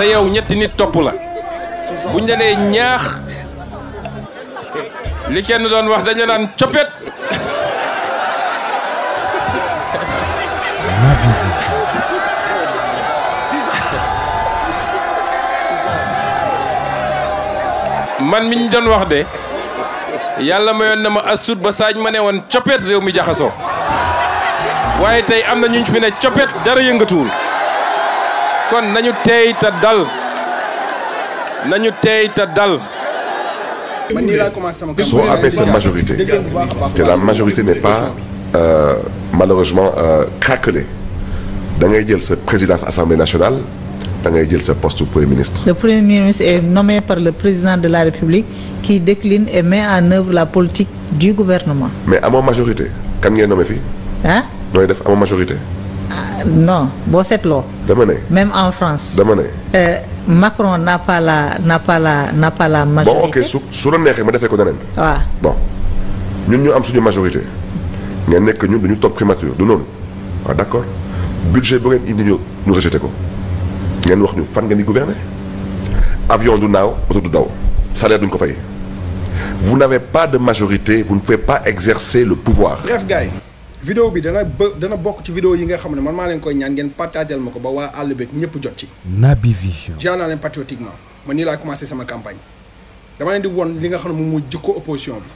te yow ñetti nit topp la buñ la ñaax li kenn doon wax dañ naan coppet man mi ñu doon wax de yàlla mayoon na ma asut ba saaj ma ne woon coppet réew mi jaxasoo waaye tey am na ñu fi ne coppet dara yëngatuwul kon nañu téy ta dal nañu téy ta dal. soit avec sa majorité que la majorité n'est pas euh, malheureusement euh, craquelée da ngay jël sa présidence assemblée nationale da ngay jël poste poste premier ministre. le premier ministre est nommé par le président de la république qui décline et met en œuvre la politique du gouvernement. mais à mon majorité kan ngeen nommé non, hein? ah nooy def majorité. Ah, non bon seetloo. dama même en France. Demain. Euh, Macron n'a pas la n'a pas la n'a pas la majorité. bon ok sur le nez, neexee ma defee ko neneen. bon nous ñu am suñu majorité. nga nekk ñun dañu toog primature du non. waaw ah, d'accord. budget bu ngeen indi ñu ñu rejeté ko ngeen wax ñu fan ngeen gouverner avion du naaw auto du daw salaire duñ ko vous n'avez pas de majorité vous ne pouvez pas exercer le pouvoir. Bref, gars. vidéo bi dana bë dana bokk ci vidéo yi nga xam ne man maa leen koy ñaan ngeen partagel ma ko ba waa àll beeg ñëpp jot ci. Naby Vision. jaar naa leen patriotiquement man nii laa commencé sama campagne dama leen di won li nga xam ne moom mu jikko opposition bi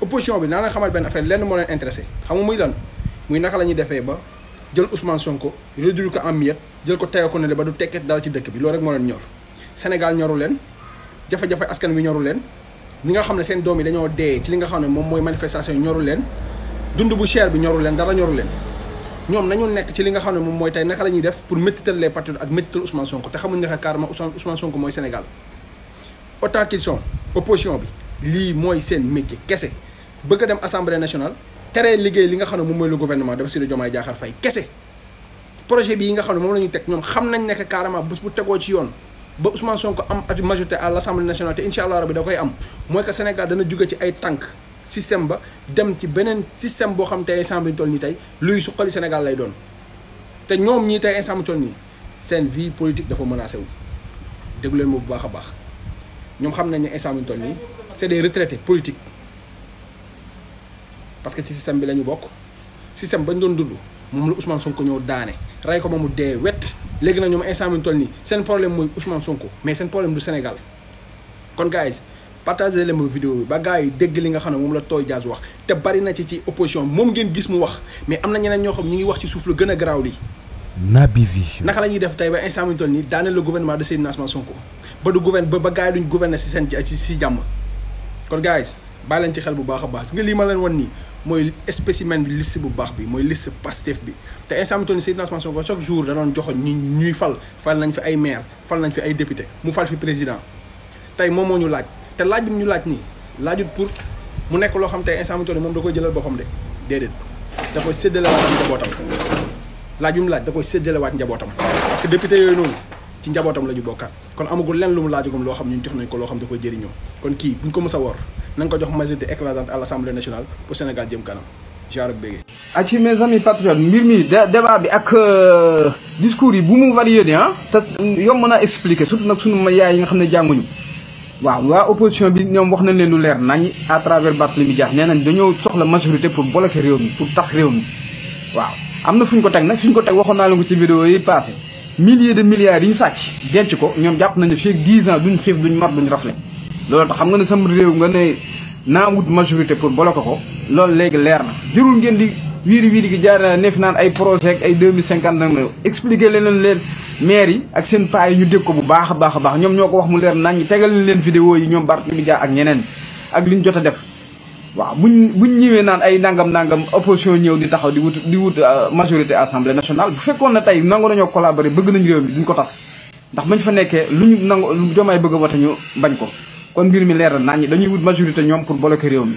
opposition bi naa leen xamal benn affaire lenn moo leen intéressé xam nga muy lan muy naka la ñuy defee ba jël Ousmane Sonko réduire ko am miettes jël ko teye ko ne ba du tekket dara ci dëkk bi loolu rek moo leen ñor Sénégal ñoru leen jafe askan wi ñoru leen ñi nga xam ne seen doom yi dañoo dee ci li nga xam ne moom mooy manifestation ñoru leen dund bu cher bi ñoru leen dara ñoru leen ñoom nañu nekk ci li nga xam ne moom mooy tey naka la ñuy def pour méttital les patriotes ak méttital Ousmane Sonko te xamuñ ne carrément Ousmane Sonko mooy Sénégal bi lii mooy seen métier kese bëgg a dem assemblée nationale teree liggéey li nga xam ne moom mooy le gouvernement de Bassirou Diomaye Diakhar Faye kese projet bi yi nga xam ne la ñuy teg ñoom xam nañ nekk carrément bés bu tegoo ci yoon ba son Sonko am majorité à l' assemblée nationale te incha allah rabi da koy am mooy que Sénégal dana jóge ci ay tànk système ba dem ci beneen système boo xam tey instant bi toll nii tey luy suqali Sénégal lay doon te ñoom ñii tey instant bi nii seen vie politique dafa menacé wu déglu leen ma bu a baax ñoom xam nañ ne instant bi toll des retraités politiques parce que ci système bi la ñu bokk système bañ doon dund moom la Ousmane Sonko ñëw daane rey ko ba mu dee wet léegi nag ñoom instant bi nii seen problème mooy Ousmane Sonko mais seen problème du Sénégal kon gars partagé leen ma vidéo bi ba gars yi dégg li nga xam ne moom la Tooy Dias wax te bari na ci ci opposition moom ngeen gis mu wax mais am na ñeneen ñoo xam ñu ngi wax ci suuf lu gën a lii. Naby Vision. la ñuy def tey ba instant bi ñu toll nii daaneel le gouvernement de Seydina Ousmane Sonko ba du gouverne ba ba yi duñ gouverner si seen ci jàmm kon gars yi bàyyi leen ci xel bu baax a baax nga lii ma leen wan nii mooy spécimen bi liste bu baax bi mooy list Pastef bi te instant bi ñu toll nii Seydina Ousmane ñu ñuy fal fal nañ ay maire fal nañ fi ay député mu fal fi président tey moom moo ñu laaj te laaj bi ñu laaj nii laajut pour mu nekk loo xam te instant bi moom da koy jëlal boppam de déedéet da koy séddalewaat njabootam laaj bi mu laaj da koy séddalewaat njabootam parce que député yooyu noonu ci njabootam la ñu bokkaat kon amagul lenn lu mu laajagum loo xam ñu jox nañ ko loo xam da koy jëriñoo kon kii buñ ko mës a wor nañ ko jox majorité écrasante à l'Assemblée nationale pour Sénégal jëm kanam genre béyee. ak ci mes amis patriotes mbir mi débat bi ak euh, discours yi bu mu varié nii ah. te euh, yomb naa expliquer surtout nag sunu yi nga xam ne jànguñu. waaw waa opposition bi ñoom wax nañ leen lu leer nañ à travers Barthélémy Dias nee nañ dañoo soxla majorité pour bloquer réew mi pour tas réew mi waaw am na fu ñu ko teg nag fu ñu ko teg waxoon naa leen ko ci vidéo yi passé milliers de milliards yi ñu sàcc denc ko ñoom jàpp nañ ne fii ak 10 ans duñ xiif duñ mat duñ rafle loolu tax xam nga ne sam réew nga ne naa wut majorité pour bloquer ko loolu léegi leer na jërul ngeen di wiri wiri gi jaar neuf nan ay projet ay 2050 mille cinquante nag expliqué leen leen maire yi ak seen paa yi ñu dégg ko bu baax a baax a baax ñoom ñoo wax mu leer nañ tegal leen vidéo yi ñoom Barthélémy Dias ak ñeneen ak liñ jotta def waaw buñ buñ ñëwee nan ay nangam nangam opposition ñew di taxaw di wut di wut euh, majorité assemblée nationale bu fekkon na tay nangu nañoo collaborer bëgg nañu réew mi duñ ko tass ndax bañ fa nekké luñu ñu nangu jomaay bëgg wata ñu bañ ko kon mbir mi leer nañ dañuy wut majorité ñom pour bloquer réew mi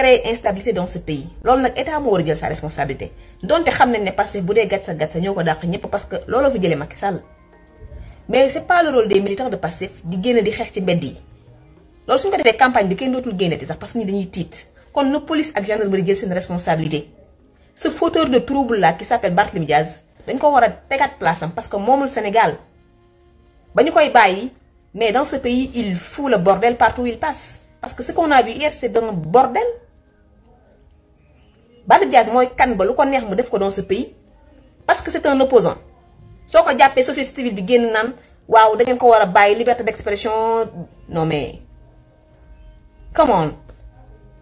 créer instabilité dans ce pays l'homme est état mo sa responsabilité Donc te xamné ne Pastef bu dee gatsa gatsa ñoko ko ñep parce que l'on fi jëlé Macky Sall mais c'est pas le rôle des militants de passer di génn di xeex ci mbedd yi des suñu ko défé campagne di kenn dootul sax parce que ni dañuy tiit kon no police ak gendarmerie jël sen responsabilité ce fauteur de trouble là qui s'appelle Barthélémy Diaz dañ ko wara a place am parce que mon Sénégal ba koy bayyi mais dans ce pays il fout le bordel partout où il passe parce que ce qu'on a vu hier c'est un bordel Barthe Diaz moy kan ba lu ko neex mu def ko dans ce pays parce que c'est un opposant soko jappé société civile bi génn nan waaw da ngeen ko wara a liberté d'expression non mais come on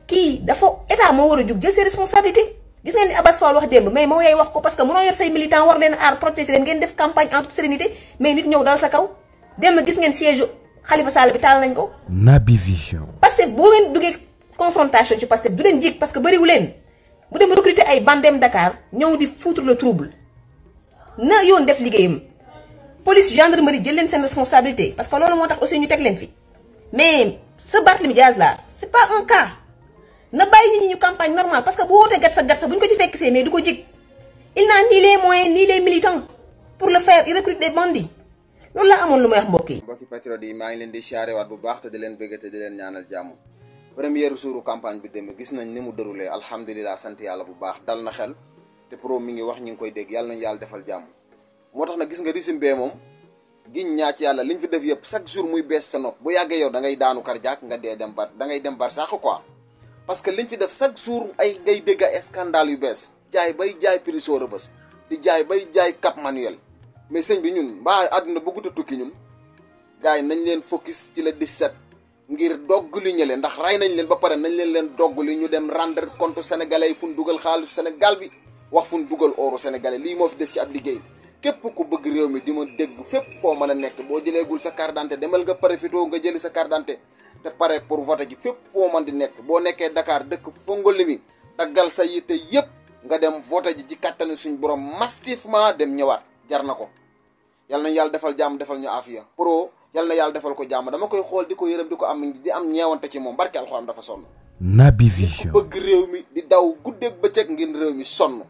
ki dafa état mo wara a jël ses responsabilités gis ngeen ni Abass Fall wax démb mais mo yay wax ko parce que mënoo yor say militants war leen aar protéger leen ngeen def campagne en toute sérénité mais nit ñew dal sa kaw demb gis ngeen siège Khalifa Sall bi tal nañ ko. Naby Vision. parce que bo ngeen duggee confrontation ci parce que du leen jig parce que wu leen mu dem recruter ay bandem Dakar ñëw di foutre le trouble na yoon def liggéeyam police gendarmerie jël leen seen responsabilité parce que loolu moo aussi ñu teg leen fi mais ce Barthélémy Diaz là c'est pas un cas na bàyyi nit ñi ñu campagne normale parce que bu wootee gat sa gat sa bu ñu ko ci fekk see mais du ko il n'a ni les moyens ni les militants pour le faire il recrute des bandits loolu laa amoon lu may wax mbokk yi. mbokki patriote yi maa ngi leen di charé wat bu baax te di leen bëgg te di leen ñaanal jàmm. Premier jouru campagne bi dem gis nañ ni mu déroulé alhamdullilah sant yalla bu baax dal na xel te pro mi ngi wax ñing koy dégg yalla ñu yalla défal jamm motax na gis nga risim bee mom giñ ñaat yalla liñ fi def yépp chaque jour muy bees sa nopp bu yagge yow da ngay daanu karjaak nga dé dem bar da ngay dem bar sax quoi parce que liñ fi def chaque jour ay ngay dégg ay scandale yu bees jaay bay jaay prix soo di jaay bay jaay cap manuel mais señ bi ñun ba aduna bëggut a tukki ñun gaay nañ leen focus ci la 17 ngir doggu li ñële ndax ray nañ leen ba paré nañ leen leen doggu li ñu dem rendre compte sénégalais yi fu ñu dugal Sénégal bi wax fu ñu dugal sénégalais li mo fi dess ci ab liggéey képp ku bëgg réew mi di ma dégg fépp foo mën a nekk boo gul sa carte d'identité demal nga pare fitoo nga jëli sa carte d'identité te pare pour voter ji fépp foo mën di nekk boo nekkee Dakar dëkk fongoli limi daggal sa yitte yépp nga dem voter ji ci kattani suñ borom massivement dem ñëwaat jar na ko yàlla yàlla defal jàmm defal ñu aafiya pro yal na yàlla defal ko jàmm dama koy xool di ko yërëm di ko am di am ñeewante ci moom barke alxuraan dafa sonn. Naby Vision bëgg réew mi di daw guddeeg bëccëg ngir réew mi sonn.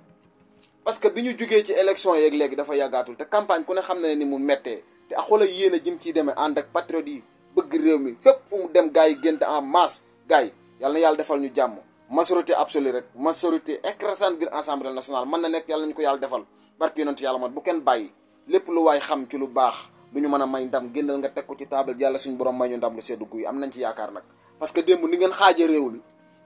parce que bi ñu jógee ci élection yeeg léegi dafa yàggaatul te campagne ku ne xam na ne ni mu méttee te ak xoolal yéen a jëm ciy demee ànd ak patriote yi bëgg réew mi fépp fu mu dem gars yi génn en masse gars yi yal na yàlla defal ñu jàmm. majorité absolue rek majorité écrasante biir assemblée nationale mën na nekk yàlla nañu ko yàlla defal barke yàlla man bu kenn bàyyi lépp lu waay xam ci lu baax. lu ñu mën a may ndam génnal nga teg ko ci table yàlla suñu borom may ñu ndam lu seddu guy am nañ ci yaakaar nag parce que démb ni ngeen xaaja réew mi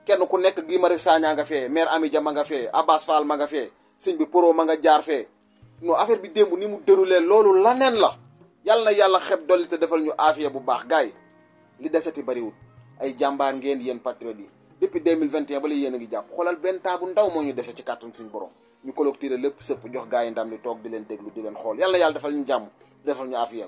kenn ku nekk Guy Marius Sagna nga fee maire Ami ma nga fee Abbas Fall ma nga fee bi pro ma nga jaar fee non affaire bi démb ni mu déroulé loolu laneen la yàlla na yàlla xeb te defal ñu afiya bu baax lida seti li desati bariwul ay jàmbaar ngeen yéen patriote yi depuis 2021 ba la yéen a ngi jàpp xoolal benn taabu ndaw moo ñu dese ci kàttan suñu borom ñu collecté lépp sëpp jox gaa yi ndam li toog di leen déglu di leen xool yàlla yàlla defal ñu jàmm defal ñu afiya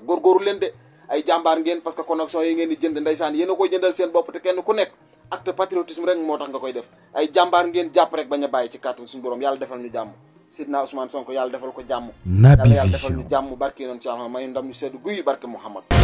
bopp te kenn ku nekk acte patriotisme rek moo tax nga koy def ay jàmbaar ngeen jàpp rek bañ a bàyyi ci kàttan suñu borom yàlla defal ñu jàmm sidna Ousmane Sonko yàlla defal ko jàmm yàlla defal ñu jàmm barke yoon ci may ndam ñu sedd guy barke Muhammad